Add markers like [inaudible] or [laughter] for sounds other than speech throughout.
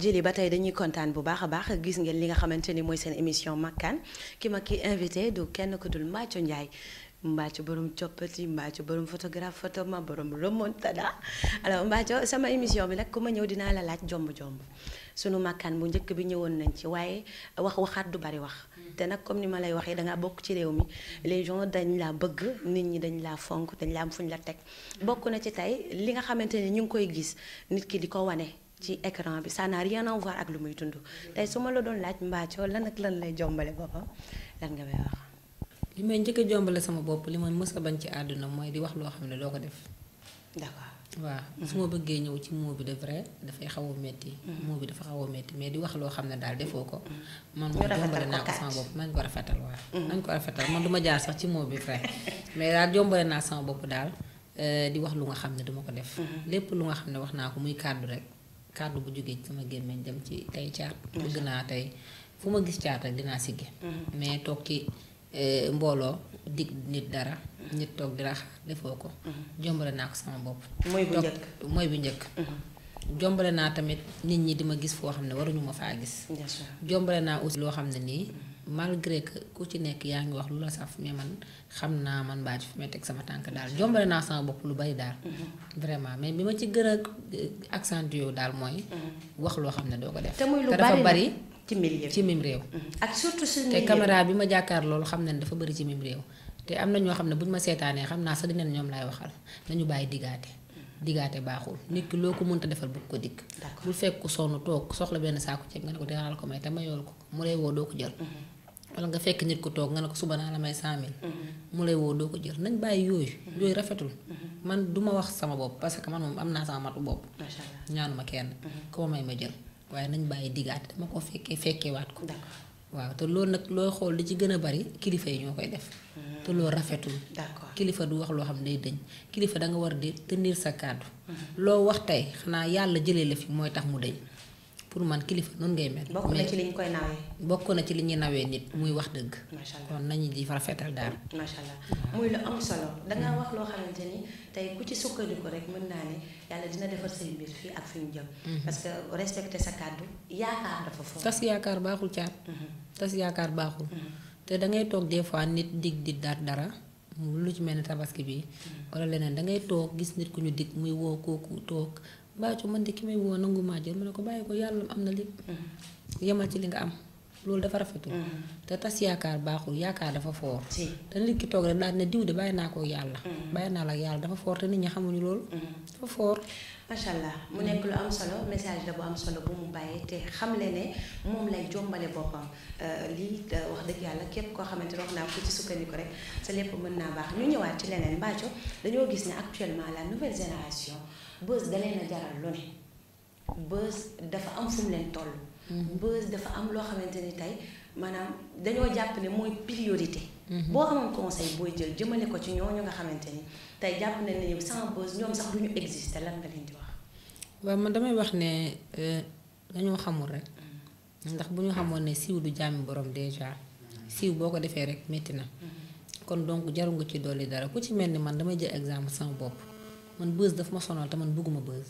jili ba tey dañuy kontaan bu baax a baax gis ngeen li nga xamante ni mooy seen émission makkan ki ma ki invité du kenn ku dul Mbathio Ndiaye Mbathio borom coppati Mbathio borom photographe photo ma borom remontada alors Mbathio sama émission bi nag ku ma ñëw dinaa la laaj jomb jomb sunu makkan bu njëkk bi ñëwoon nañ ci waaye wax waxaat du bari wax. te nag comme ni ma lay waxee da bokk ci réew mi les dañ laa bëgg nit ñi dañ laa fonk dañ laa am fuñ la teg bokk na ci tey li nga xamante ni ñu ngi koy gis nit ki di ko wane. ci ecran bi ça n'a rien ak lu muy tund tey su ma la doon laaj mbaacoo lan ak lan lay jombale boppam lan nga may li may njëkk jombale sama bopp li ma mës bañ ci àdduna mooy di wax loo xam ne doo ko def. d'accord waaw mhm. su ma bëggee ñëw ci mot bi de dafay xaw métti. Mhm. mot bi dafa xaw a métti mais di wax loo xam ne daal defoo ko. Mhm. man moom jombale naa ko sama bopp nañ ko rafetal waaw. nañ ko rafetal man du ma jaar sax ci mot bi vrai [laughs] mais daal jombale naa sama bopp daal euh, di wax lu nga xam ne duma ko def. lépp lu nga xam ne wax naa ko muy kàddu rek. kàddu bu jógee sama gémmiñ dem ci tey caat mm-hmm. bëgg naa tey fu ma gis caat rek dinaa siggi mm-hmm. mais toog ci euh, mbooloo dig nit dara mm-hmm. nit toog di raxaar defoo ko jombale naa ko sama bopp mooy bu njëkk mooy bu njëkk jombale naa tamit nit ñi di ma gis foo xam ne waruñu ma faa gis. jombale naa aussi loo xam ne nii malgré que ku ci nekk yaa ngi wax lu la saf mee man xam naa man baa ci fi may teg sama tànk daal jombale naa sama bopp lu bari daal. Mm-hmm. vraiment mais bi ma ci gën a euh, accentué yow daal mooy. Mm-hmm. wax loo xam ne doo ko te muy lu bari bari. ci milieu ci mim réew. Mm-hmm. ak surtout suñu te caméra bi ma jàkkaar loolu xam ne dafa bëri ci mim réew. te am na ñoo xam ne buñ ma seetaanee xam naa sa dinañ ñoom laay waxal nañu bàyyi digaate. digaate baaxul nit ki loo ko mënta defal bu ko dikk bul fekk ku sonn toog soxla benn saaku ceeb nga ne ko dinaa la ko may te mayool ko mu lay woo doo ko jël mhm. wala nga fekk nit ku toog nga ne ko suba naa la may cent mille mhm. mu woo doo ko jël nañ bàyyi yooyu mhm. yooyu rafetul man duma wax sama bopp parce que man moom am naa sama matu bopp ñaanuma kenn ku ma may ma jël waaye nañ bàyyi digaate dama ko fekkee fekkeewaat ko waaw te loolu nag loo xool li ci gën a bari kilifa yi ñoo koy def. te loo rafetul. d'accord kilifa du wax loo xam ne day dëñ kilifa da nga war di tenir sa kàddu. Mhm. loo wax tey xanaa yàlla jëlee la fi mooy tax mu dëñ. pour man kilifa noonu ngay mel. bokk na ci li ñu nawee. bokk nit muy wax dëgg. macha allah kon nañu di rafetal daal. macha allah muy lu am solo da ngaa wax loo xamante ni tey ku ci sukkandiku rek mën naa ne yàlla dina defar say mbir fii ak fi ñu jëm. Mhm. parce que sa kàddu yaakaar dafa fort. tas yaakaar baaxul caat. Mhm. tas yaakaar baaxul. Mhm. te dangay toog des fois nit dig di daat dara. lu ci mel ne tabaski bi wala leneen da toog gis nit ku ñu dig muy woo kooku toog Bathio man de ki may woo nangu maa jël ma ne ko bàyyi ko yàlla am na lépp. Mm-hmm. yemal ci li nga am loolu dafa rafetul. Mm-hmm. te tas yaakaar baaxul yaakaar dafa foor te nit ki toog rek daal ne diw de bàyyi naa ko yàlla. Mm-hmm. bàyyi naa la ak yàlla dafa foor te nit ñi xamuñu loolu. dafa foor. macha allah mu nekk lu am solo message la bu am solo bu mu bàyyee te xam le ne moom lay jombale boppam euh, lii euh, wax dëgg yàlla képp koo xamante ne wax naa ko ci sukkandiku rek sa lépp mën naa baax ñu ñëwaat ci leneen Bathio dañoo gis ne actuellement la nouvelle génération. bës da leen a jaral lu ne bës dafa am fu leen toll. Mm-hmm. bës dafa am loo xamante ni tey maanaam dañoo jàpp ne mooy priorité. Mm-hmm. boo amoon conseil booy jël jëmale ko ci ñooñu nga xamante ni tey jàpp nañ ne yow sans bës ñoom sax du ñu exister lan nga leen di wax. waaw man damay wax ne euh, dañoo xamul rek mm-hmm. ndax bu ñu xamoon ne siiw du jàmmi borom déjà siiw boo ko defee rek métti na kon donc jaru nga ci dolli dara ku ci mel ni man damay jël exemple sama bopp. man buzz dafa ma sonal te man bëgguma buzz.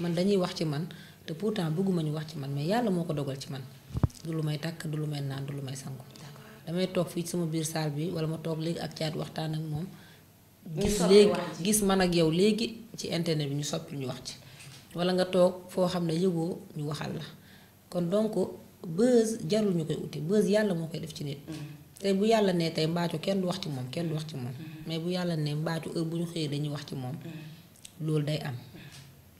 man dañuy wax ci man te pourtant bëgguma ñu wax ci man mais yàlla moo ko dogal ci man du lu may takk du lu may naan du lu may sangu. damay toog fii sama biir saal bi wala ma toog léegi ak caat waxtaan ak moom. gis léegi gis man ak yow léegi ci internet bi ñu soppi ñu wax ci. wala nga toog foo xam ne yëgoo ñu waxal la kon donc buzz jarul ñu koy uti buzz yàlla moo koy def ci nit. Mm. tey bu yàlla ne tey mbaaju kenn du wax ci moom kenn du wax ci moom mais bu yàlla ne mbaaju heure bu ñu xëyee dañuy wax ci moom loolu day am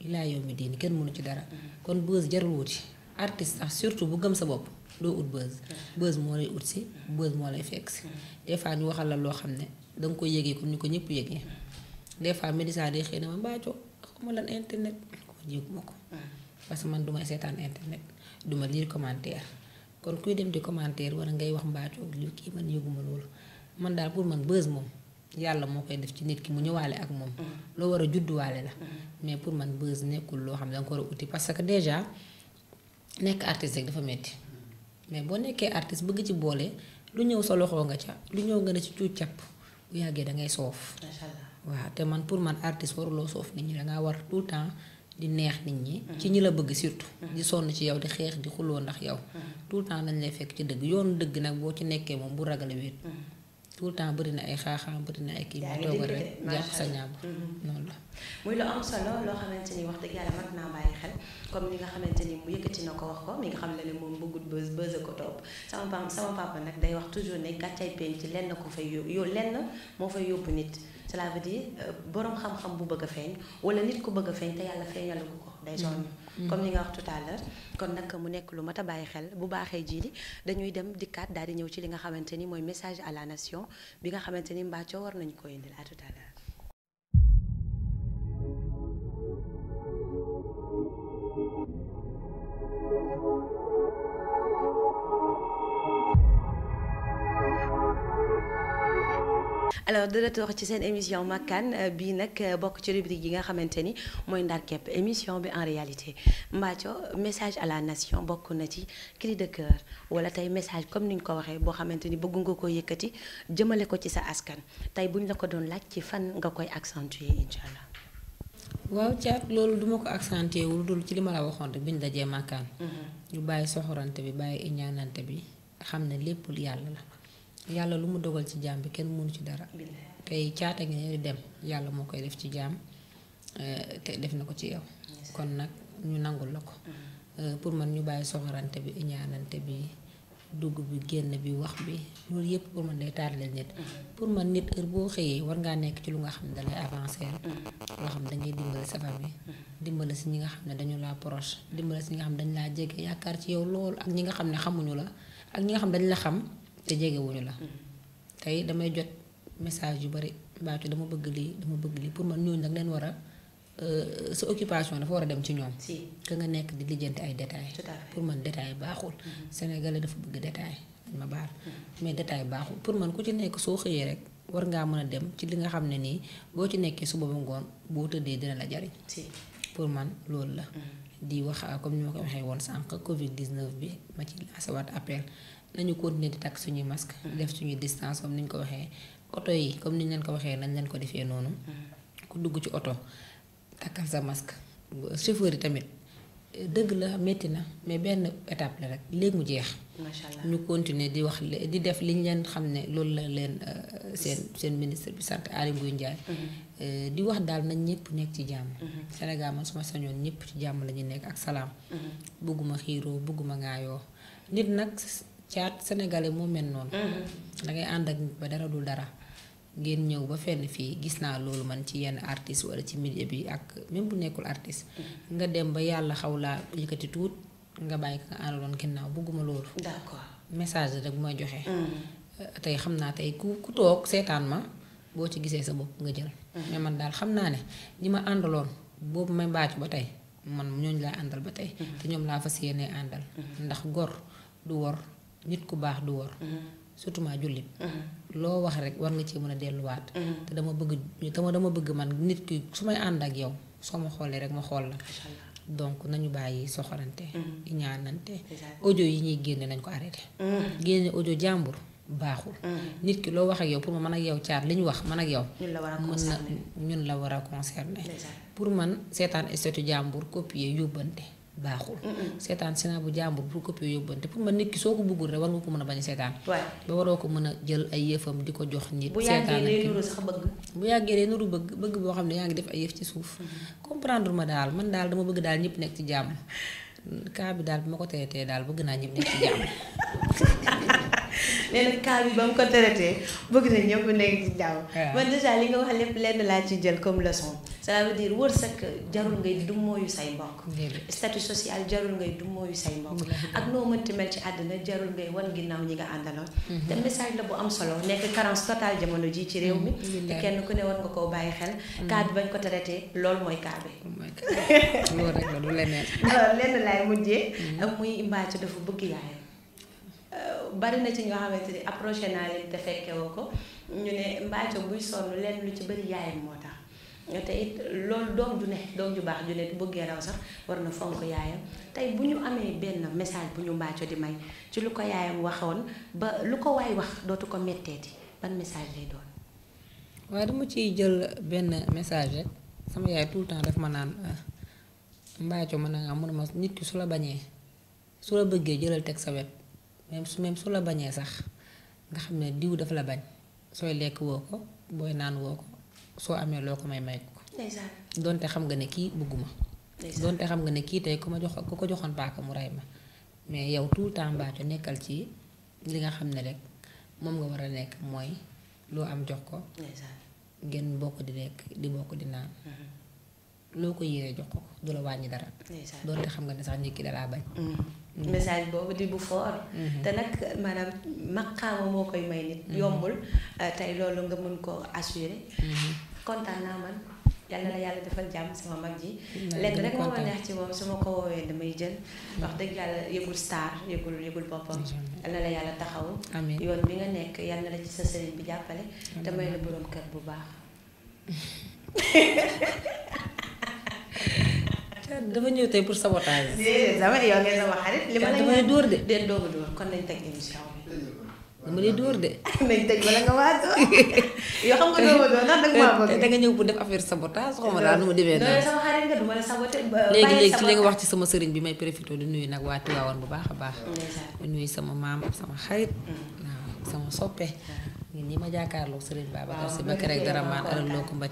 ilaa yow mi diini kenn mënu ci dara kon buzz jarul wuti artiste sax surtout bu gëm sa bopp doo ut buzz buzz moo lay ut si buzz moo lay fekk si des fois ñu waxal la loo xam ne da nga koy yëgee ñu ko ñëpp yëgee des fois médecin day xëy na ma mbaajo xawma lan internet ko yëguma ko ah. parce que man du may seetaan internet du ma lire commentaire kon kuy dem di commentaire wala ngay wax mbaacu li kii man yëguma loolu man daal pour man bës moom yàlla moo koy def ci nit ki mu ñëwaale ak moom. Mm-hmm. loo war a judduwaale la. Mm-hmm. mais pour man bës nekkul loo xam ne danga ko war a uti parce que déjà nekk artiste rek dafa metti mais boo nekkee artiste bëgg ci boole lu ñëw sa loxoo nga ca lu ñëw nga ne ci cuuc càpp bu yàggee da ngay soof. waa allah waaw te man pour man artiste waruloo soof nit ñi da ngaa war tout le temps. di neex nit ñi. Mm-hmm. ci ñi la bëgg surtout. Mm-hmm. di sonn ci yow di xeex di xuloo ndax yow. Mm-hmm. tout le temps dañ lay fekk ci dëgg yoonu dëgg nag boo ci nekkee moom bu ragal wéet. tout le temps bëri na ay xaaxaa bëri na ay kii mu toogal rek jàpp sa ñàmb mm-hmm. noonu la muy lu am solo loo xamante ni wax dëgg yàlla mag naa bàyyi xel comme ni nga xamante ni mu yëkkati na ko wax ko mi nga xam la ne moom bëggut bës bës a ko topp sama papa sama papa nag day wax toujours ne gàccay penc ci lenn ko fay yóbbu yow lenn moo fay yóbbu nit cela veut dire euh, borom xam-xam bu bëgg a feeñ wala nit ko bëgg a feeñ te yàlla feeñalu ko ko day sonn Mm-hmm. comme ni nga wax tout kon nag mu nekk lu mat a bàyyi xel bu baaxee jii li dañuy dem dikkaat daal di ñëw ci li nga xamante ni mooy message à la nation bi nga xamante ni Mbathio war nañu ko indil à tout alors de retour ci seen émission makkaan euh, bii nag euh, bokk ci rubrique yi nga xamante ni mooy ndar képp émission bi en réalité Mbathio message à la nation bokk na ci cri de cœur wala tey message comme ni ñu ko waxee boo xamante ni bëgg nga ko yëkkati jëmale ko ci sa askan tey bu ñu la ko doon laaj ci fan nga koy accentuer incha allah. waaw caat loolu duma ko accentuer wul dul ci li ma la waxoon rek bi ñu dajee makkaan. Mhm. ñu bàyyi soxorante bi bàyyi iñaanante bi xam ne lépp yàlla yàlla lu mu dogal ci jaam bi kenn mënu ci dara tey caata ngi ne di dem yàlla moo koy def ci jaam eh, te def na ko ci yow kon nag ñu nangul la ko mm-hmm. eh, pour man ñu bàyyi soxorante bi iñaanante bi dugg bi génn bi wax bi loolu yëpp pour man day leen nit mm-hmm. pour man nit heure boo xëyee war ngaa nekk ci lu nga xam ne dalay avancer mm-hmm. loo xam ne dangay dimbali sa famille dimbali si ñi nga xam ne dañu laa proche dimbali si ñi nga xam ne dañu laa jege yaakaar ci yow lool ak ñi nga xam ne xamuñu la ak ñi nga xam dañ la xam te jegewuñu la tey damay jot message yu bari mbaatu dama bëgg lii dama bëgg lii pour man ñooñu nag leen war a euh, sa occupation dafa war a dem ci ñoom ka nga nekk di lijjanti ay détails pour man détail baaxul mm-hmm. sénégalais dafa bëgg détail ma baax mm-hmm. mais détail baaxul pour man ku ci nekk soo xëyee rek war ngaa mën a dem ci li nga xam ne nii boo ci nekkee suba ba ngoon boo tëddee dina la jariñ pour man loolu la mm-hmm. di wax euh, comme ni ma ko waxee woon sànq Covid 19 bi ma ci lancé waat appel nañu continuer di takk suñuy masque. Mm. def suñuy distance comme ni ñu ko waxee oto yi comme ni ñu leen ko waxee nañ leen ko defee noonu. Mm. ku dugg ci oto takkal sa masque chauffeur yi tamit dëgg la métti na mais benn étape la rek léegi mu jeex. macha allah ñu continuer di wax di def li leen xam ne loolu la leen euh, seen seen ministre bi sant Aly Ngouille Ndiaye. Mhm. Euh, di wax daal nañ ñëpp nekk ci jàmm. Mhm. Sénégal man suma sañoon ñëpp ci jàmm la ñu nekk ak salaam. Mhm. bëgguma xiiroo bëgguma ngaayoo nit nag caat sénégalais moo mel noonu. da ngay ànd ak nit ba dara dul dara. ngeen ñëw ba fenn fii gis naa loolu man ci yenn artiste wala ci milieu bi ak même bu nekkul artiste. nga dem ba yàlla xaw laa yëkkati tuut. nga bàyyi ko nga àndaloon ginnaaw bëgguma loolu. d'accord message rek bu may joxe. Mm. Euh, tey xam naa tey ku ku toog seetaan ma boo ci gisee sa bopp nga jël. Mm. mais man daal xam naa ne ñi ma àndaloon boobu may bàcc ba tey man ñooñu laa àndal ba tey. Mm. te ñoom laa fas yéenee àndal. ndax gor du wor nit ku baax du wor. surtout maa jullit. loo wax rek war nga cee mën a delluwaat. te dama bëgg dama dama bëgg man nit ki su may ànd ak yow soo ma xoolee rek ma xool la. donc nañu bàyyi soxorante. Mm-hmm. ñaanante. audio yi ñuy génne nañ ko arrêté. Mm-hmm. génne audio jàmbur baaxul. Mm-hmm. nit ki loo wax ak yow pour ma man ak yow caar li ñu wax man ak yow. ñun la war a na ñun la war a concerné. pour man seetaan statut jàmbur copier yóbbante. baaxul. seetaan sénat bu jàmbur pour copier yóbbante pour ma nit ki soo ko bëggul rek war nga ko mën a bañ a seetaan. ba waroo ko mën a jël ay yëfam di ko jox nit. seetaan bu yàggee day nuru bëgg. bëgg boo xam ne yaa ngi def ay yëf ci suuf. comprendre ma daal man daal dama bëgg daal ñëpp nekk ci jàmm cas bi daal bu ma ko traité daal bëgg naa ñëpp nekk ci jàmm. [laughs] nee na ba mu ko traité bëgg na ñëpp nekk ci jàmm. man dèjà laa ci jël comme leçon. cela veut dire wërsëg jarul ngay dummooyu say mbokk. statut social jarul ngay yu say mbokk. ak noo mënti mel ci àddina jarul ngay wan ginnaaw ñi nga àndaloon. Mhm. te message la bu am solo nekk carence totale jamono ji ci réew mi. Mhm. te kenn ku ne war nga koo bàyyi xel. Mhm. cas bi bañ ko traité loolu mooy cas bi. nag [laughs] loolu rek la du leneen. [laughs] lenn laay mujjee. Mm-hmm. Euh, muy Mbathio dafa bëgg yaayam. Euh, bari na ci ñoo xamante ni approché naa leen te fekkewoo ko ñu ne Mbathio buy sonn lenn lu ci bëri yaayam moo tax. te it loolu doom ju ne doom ju baax ju ne bu bëggee raw sax war na fonk yaayam tey bu ñu amee benn message bu ñu Mbathio di may ci lu ko yaayam waxoon ba lu ko waay wax dootu ko metteeti ban message lay doon. waaye dama ciy jël benn message sama yaay tout le temps daf ma naan mbaaco man na nga mun ma nit ki su la bañee su la bëggee jëlal teg sa wet même su même su la bañee sax nga xam ne diw dafa la bañ sooy lekk woo ko booy naan woo ko soo amee loo ko may may ko. donte xam nga ne kii bëgguma donte xam nga ne kii tey ku ma jox ku ko joxoon paaka mu rey ma mais yow tout le temps mbaaco nekkal ci li nga xam ne rek moom nga war a nekk mooy loo am jox ko. ngeen bokk di lekk di bokk di naan. Mm-hmm. loo ko yéene jox ko du la wàññi dara. doo te xam nga ne sax nit ki dalaa bañ. Mm-hmm. Mm-hmm. message boobu di bu foor te nag maanaam maqaama moo koy may nit. yombul euh, tey loolu nga mën ko assurer. kontaan naa man. yàlla na yàlla defal jàmm sama mag ji lenn rek moo ma neex ci moom su ma ko woowee damay jël wax dëgg yàlla yëgul star yëgul yëgul boppam yàlla na la yàlla taxaw yoon bi nga nekk yàlla na ci sa sëriñ bi jàppale te may la boroom kër bu baax [laughs] dafa ñëw tey pour sabotage. dama yow ngeen sama xarit. li ma la ñu dama de. den doog a kon lañ teg émission bi. dama lay dóor de. [laughs] nañ tëj bala nga waat [laughs] yoo xam nga doo doo ndax da nga ñëw bu def affaire sabotage xaw ma daal nu ma demee noonu. ma la saboté. léegi léegi ci li wax ci sama sëriñ bi may profité di nuyu nag waa Tiwaawan bu baax a baax. di nuyu sama maam sama xarit. Mm. waaw sama soppee mm. ñun ñi ma jàkkaarloog Serigne Babacar si ba keroog dara maan alal loo ko mba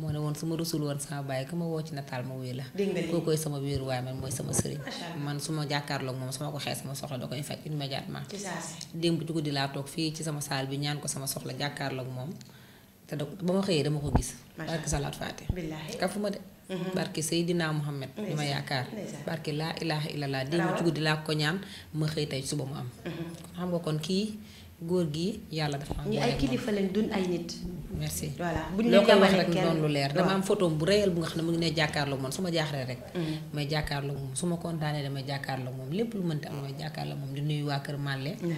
moo ne woon su ma rusul woon sama bàyyi ku ma woo ci nataal ma wuyu la koo koy sama wéeruwaay man mooy sama sëriñ man su ma jàkkaarloog moom sama ko xee sama soxla da koy faj immédiatement démb ci guddi laa toog fii ci sama saal bi ñaan ko sama soxla jàkkaarloog moom te da ba ma xëyee dama ko gis barke salaat faate kafu ma de mm-hmm. barke Seydina Muhammad bi ma yaakaar barke laa ilaaha illallah démb ci guddi laa ko ñaan ma xëy tey suba mu am mm-hmm. kon xam nga kon kii góor gi yàlla dafa am. ñu ay kilifa lañ duñ ay nit. merci voilà buñ la koy wax lu leer dama am photo bu réyal bu nga xam ne mu ngi ne jàkkaarloo moom su ma jaaxlee rek. Mm. may jàkkaarloo moom su ma kontaanee damay jàkkaarloo moom lépp lu mënti am damay jàkkaarloo moom di nuyu waa kër Màlle. Mm.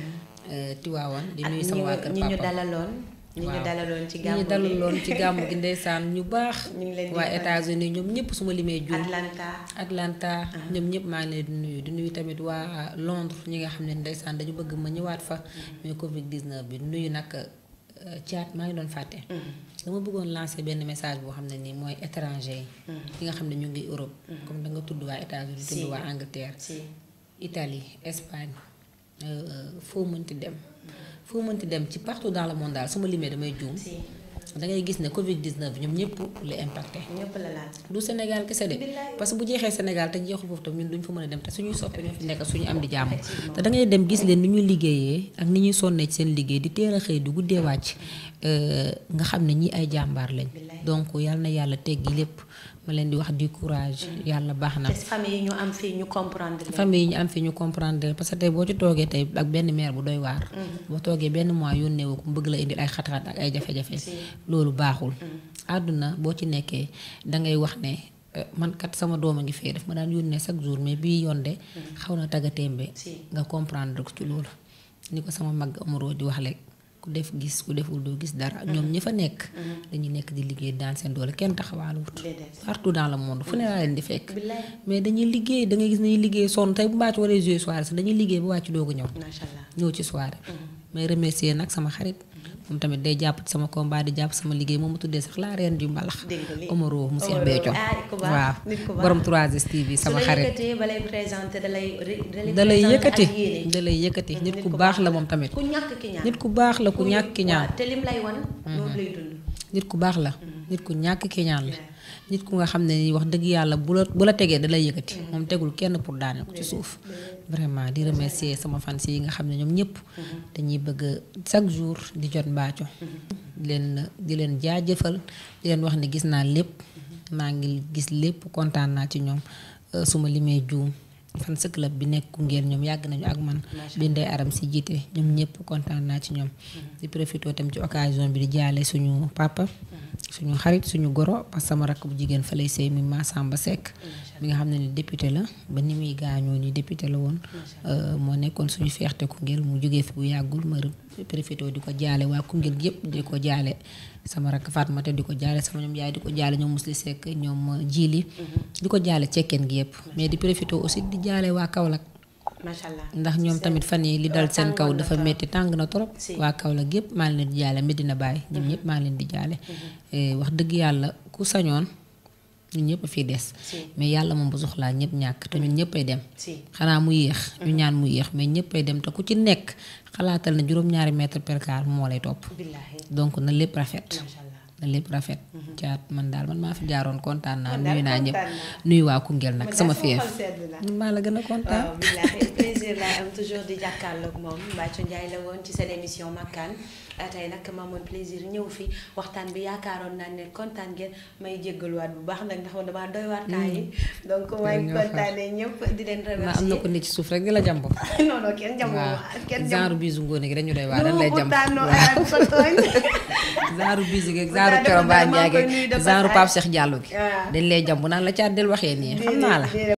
Euh, Tiwaawan di ah, nuyu sama waa kër Papa ñi ñu dalaloon. ñi ñu dalaloon ci gàmmu gi ñu ci gàmmu gi ndeysaan ñu baax. ñu ngi leen waa États-Unis ñoom ñëpp suma ma limee juum. Atlanta Atlanta. Uh-huh. ñoom ñëpp maa ngi leen di nuyu di nuyu tamit waa uh, Londres ñi nga xam ne ndeysaan dañu bëgg ma ñëwaat fa. Uh-huh. mais Covid 19 bi nuyu nag caat uh, maa ngi doon fàtte. Uh-huh. dama bëggoon lancer benn message boo xam ne nii mooy étranger yi. ñi nga xam ne ñu ngi Europe. comme da nga tudd waa États-Unis tudd waa Angleterre. Italie Espagne euh, euh, foo mënti dem. foo mënti dem ci partout dans le monde daal su ma limee damay juum. da gis ne Covid 19 ñoom ñëpp la impacté. ñëpp du Sénégal kese de. parce que bu jeexee Sénégal te jeexul foofu tam ñun duñ fa mën a dem te suñuy soppe ñoo fi nekk suñu am di jàmm. te da dem gis leen ni ñuy liggéeyee ak ni ñuy sonnee ci seen liggéey di teel a xëy di guddee wàcc Euh, nga xam ne ñii ay jàmbaar lañ. donc yal na yàlla teggi lépp ma leen di wax di courage. yàlla baax na. famille yi ñu am fii ñu comprendre leen. yi ñu am fii ñu parce que tey boo ci toogee tey ak benn mère bu doy waar. Mm-hmm. boo toogee benn mois yónnee wu ko mu bëgg la indil ay xat-xat ak ay jafe-jafe. loolu baaxul. Mm-hmm. àdduna boo ci nekkee da ngay wax ne. Euh, man kat sama doom a ngi fee def ma daan yónnee chaque jour mais bii yoon de mm-hmm. xaw na taggatémbe nga comprendre ko ci loolu ni ko sama mag amaroo di wax lekk ku def gis ku deful doo gis dara mm-hmm. ñoom ñi fa nekk mm-hmm. dañuy nekk di liggéey daan seen doole kenn taxawaaluwut partout dans le monde fu ne laa leen di fekk mais dañuy liggéey da ngay gis nañuy liggéey sonn tey bu wàcc waree jouer soirée sax dañuy liggéey ba wàcc doog a ñëw ñëw ci soirée bi mm-hmm. may nag sama xarit moom tamit day jàpp sama combat di jàpp sama liggéey moom mu tuddee sax la reine du mbalax Omaro mu Cheikh Béthio waaw ah, borom 3STV sama xarit da lay yëkkati da lay yëkkati nit ku baax la moom tamit nit ku baax la ku ñàkk ki mhm. nit ku baax la mhm. nit ku ñàkk kiiñaan la nit ku nga xam ne ni wax dëgg yàlla bu la bu la tegee da lay yëkkati mm-hmm. moom tegul kenn pour daaneel ko ci mm-hmm. suuf mm-hmm. vraiment di remercier sama fansi yi nga xam ne ñoom ñëpp dañuy bëgg chaque jour di jot mbaaco di leen di leen jaajëfal di leen wax ne gis naa lépp maa ngi gis lépp kontaan naa ci ñoom euh, suma ma limee juum fans club bi nekk Koungheul ñoom yàgg nañu ak man bi Ndeye Aram si jiite ñoom ñëpp kontaan naa ci ñoom mhm. di profité tam ci occasion bi di jaale suñu papa mhm. suñu xarit suñu goro parce sama rakk bu jigéen fa lay sëy muy Massamba Seck mi nga xam ne ni député la ba ni muy gaañoo ni député la woon euh, moo nekkoon suñu fierté Koungheul mu jógee fi bu yàggul ma profité di ko jaale waa Koungheul yëpp di ko jaale sama rakk Fatmata di ko jaale sama ñoom yaay di ko jaale ñoom Musli Seck ñoom euh, Jili mm-hmm. di ko jaale cekkeen gi yëpp mais di profité aussi di jaale waa Kaolack macha ndax ñoom tamit fan yi li dal seen kaw dafa métti tàng na trop waa Kaolack yëpp maa leen di jaale Medina Baye ñoom mm-hmm. ñëpp maa leen di jaale mm-hmm. eh, wax dëgg yàlla ku sañoon ñun ñëpp a fiy des. mais yàlla moom bu soxlaa ñëpp ñàkk te ñun ñëppay dem. xanaa mu yéex. Mm-hmm. ñu ñaan mu yéex mais ñëppay dem te ku ci nekk xalaatal na juróom-ñaari mètre per carré moo lay topp. donc na lépp rafet. na lépp rafet. Mm-hmm. caat man daal man maa fi jaaroon kontaan naa nuyu naa ñëpp nuyu waa Koungheul nag sama fief maa la gën a kontaan. [laughs] plaisir laay am toujours di jàkkaarloog moom Mbathio Ndiaye la woon ci seen émission makkaan tey nag ma amoon plaisir ñëw fi waxtaan bi yaakaaroon naa ne kontaan ngeen may jéggaluwaat bu baax nag ndax man damaa doy waat temps mm. yi. donc may kontaanee ñëpp di leen remercier. am na ko ne ci suuf rek di la jàmbo. [laughs] non non kenn jàmbo kenn jàmbo genre bisu ngoone gi dañu doy waar dañ lay jàmbo waaw [laughs] ko tooñ. genre bisu gi genre Kero Ba Ndiaye gi genre Pape Cheikh Diallo gi. dañ lay jàmbo naan la caa del waxee nii xam naa la.